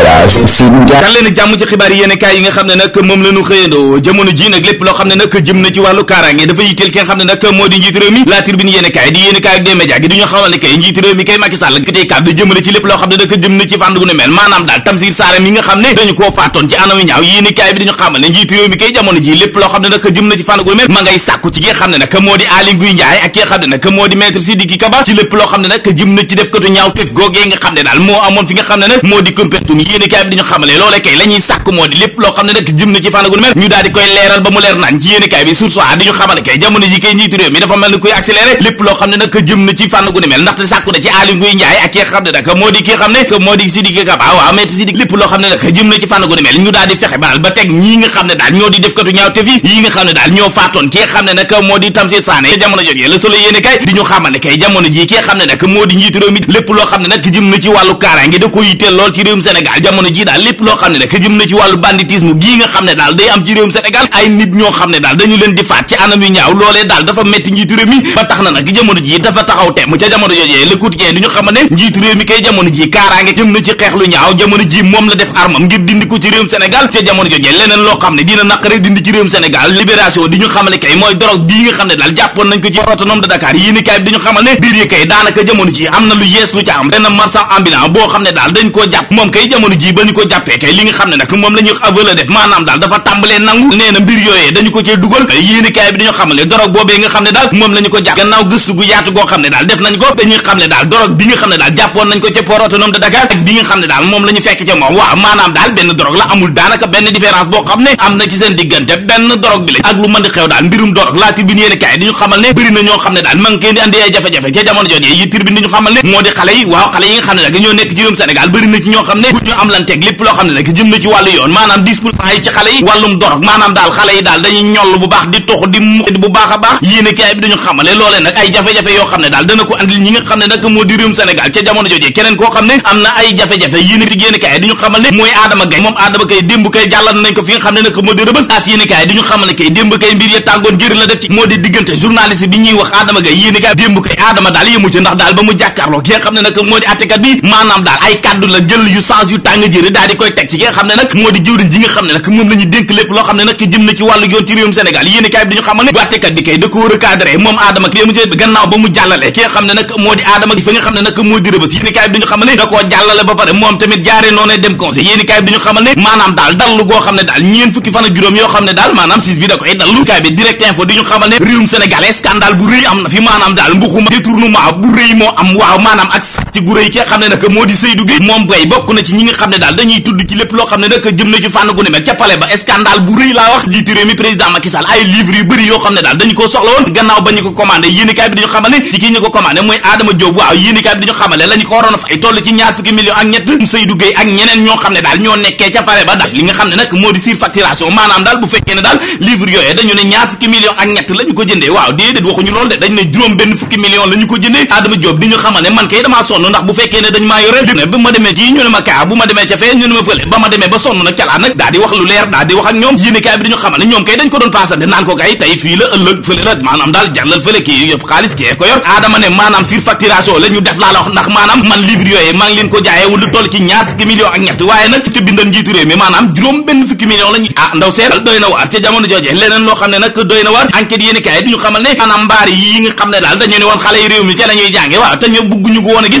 Elage Seydou Ndiaye dal leen jàmm yi nga xam ne dañu koo faatoon ci anam ñaaw yéen bi dañu xamal ne njiitu kay jamono ji lépp loo xam ne nag jëm na ci fànn ma ngay sàkku ci ki xam ne nag moo di Aly Ngouille Ndiaye ak ki xam ne nag moo di maître Sidiki Kaba ci lépp loo xam ne nag jëm na ci def katu ñaaw tef googee nga xam ne daal moo amoon fi nga xam ne nag moo di Koumpentoum yéenekaay bi di ñu xamale loolee kay la ñuy sàkk moo di lépp loo xam ne nag jëm na ci fànn gu mel ñu daal di koy leeral ba mu leer naan ci yéenekaay bi source di ñu xamale kay jamono ji kay njiitu réew mi dafa mel ni kuy accéléré lépp loo xam ne nag jëm na ci fànn gu mel ndaxte sàkku na ci Aly Ngouille Ndiaye ak ki xam ne nag moo di ki xam ne moo di Sidiki Kaba waaw Maître Sidiki lépp loo xam ne nag jëm na ci fànn gu mel ñu daal di fexe baal ba teg ñii nga xam ne daal ñoo di defkatu ñaawteef yi yi nga xam ne daal ñoo faatoon ki xam ne nag moo di Tamsir Sané jamono jooju la solo yéenekaay di ñu xamale kay jamono ji ki xam ne nag moo di njiitu réew mi lépp loo xam ne nag jëm na ci wàllu kaaraange da ko yitteel lool ci réewum Sénégal Sénégal jamono ji daal lépp loo xam ne rek jëm na ci wàllu banditisme gii nga xam ne daal day am ci réewum Sénégal ay nit ñoo xam ne daal dañu leen di faat ci anam yu ñaaw loolee daal dafa metti njiitu réew mi ba tax na nag jamono jii ne na ci xeex lu ñaaw jamono jii moom la def armam ngir dindi ko ci réewum Sénégal ca jamono jojee leneen loo xam ne dina naqare dindi ci réewum Sénégal libération di ñu xam ne kay mooy drogue bii nga xam ne daal jàppoon nañ ko ci autonome de Dakar yéen i bi dañu xamal ne biir yi kay jamono ji ba ñu ko bi nga xam ne daal moom la fekk ca moom waaw maanaam daal benn dorog la amul daanaka benn différence boo xam ne am na ci seen diggante benn dorog bi la ak lu mën di xew daal mbirum dorog laa tribune yéeni kaay dañu xamal ne bëri na ñoo xam ne daal ma ngi keen di jafe-jafe ca jamono jooju yi tribune dañu xamal ne moo di xale yi waaw xale yi nga xam ne nag ñoo nekk ci réewum Sénégal bëri na ci ñoo xam ne ñu am lanteeg lépp loo xam ne nag jëm na ci wàllu yoon maanaam dix pour cent yi ci xale yi wàllum dorog maanaam daal xale yi daal dañuy ñoll bu baax di tox di mu bu baax a baax yéene kaay bi dañu xamale loolee nag ay jafe-jafe yoo xam ne daal dana ko andil ñi nga xam ne nag moo di réewum Sénégal ca jamono jojee keneen koo xam ne am na ay jafe-jafe yéene yéene kaay dañu xamal ne mooy Adama Gaye moom Adama Gaye démb kay jàllal nañ ko fi nga xam ne nag moo di rëbës as yéene kaay dañu xamal ne kay démb kay mbir ya tàngoon jër la def ci moo di diggante journaliste bi ñuy wax Adama Gaye yéene kaay démb kay Adama daal yëmu ci ndax daal ba mu jàkkaarloo ki nga xam ne nag moo di attekat bi maanaam daal ay kàddu la jël yu sens ju tàng jëri daal di koy teg ci ki nga xam ne nag moo di jëwriñ ji nga xam ne nag moom la ñu lépp loo xam ne nag jëm na ci wàllu yoon ci réewum Sénégal yéeni kaay bi dañu xamal ne wàttekat bi kay da ko recadré moom mu jàllale ki scandale bu rëy am na fi maanaam daal mbuxuma détournement bu rëy moo am waaw maanaam ak pàcc rëy kee xam ne nag moo di Seydou Guèye moom Guèye bokk na ci ñi nga xam ne daal dañuy tudd ci lépp loo xam ne nag jëm ne ñaar fukki millions ak ñett lañu ko jëndee waaw déedéet waxuñu loolu de dañ ne juróom benn fukki millions lañu ko jëndee Adama Diop di ñu xamal ne man kay damaa sonn ndax bu fekkee ne dañ maa yoreel di ne bu ma ne ma duñu ah xamal ne maanaam mbaar yi nga xam ne daal dañu ne woon xale yi réew mi ca lañuy jànge waaw te ñu bugguñu ko woon a gis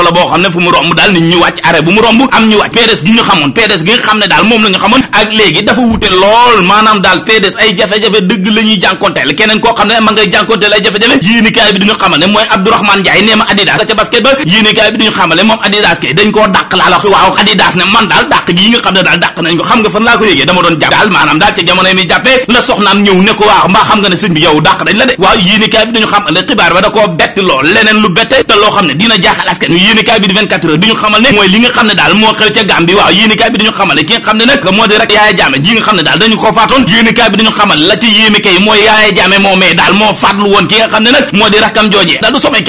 oto boo xam ne fu mu romb daal nit ñi wàcc arrêt bu mu romb am ñu wàcc PDS gi ñu xamoon PDS gi nga xam ne daal moom daal ca basket ba yéenekaay bi la soxnaam ñëw ne ko mbaa xam nga ne sëñ yow dàq dañ la de waaw yéenekaay bi duñu xamal xibaar ba da koo bett lool leneen lu bette tegtal loo xam ne dina jaaxal askan ñu xamal bi di ñu xamal ne ki ñu xamal ne moo di rakkam joojee daal du samay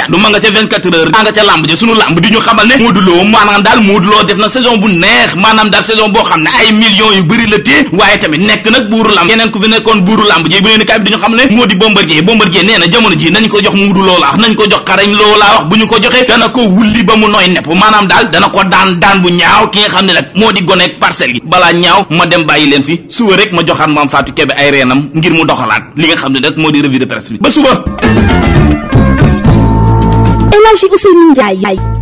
jamono ji nañ ko jox Modou Lo la nañ ko jox xarañ Lo la wax bu ñu ko joxee dana ko wulli ba mu nooy nepp maanaam daal dana ko daan daan bu ñaaw ki nga xam ne nag moo di goneeg parcelle yi balaa ñaaw ma dem bàyyi leen fi suba rek ma joxaat maam Fatou Kebe ay reenam ngir mu doxalaat li nga xam ne nag moo di revue de presse bi ba suba. El Hadji Ousseynou Ndiaye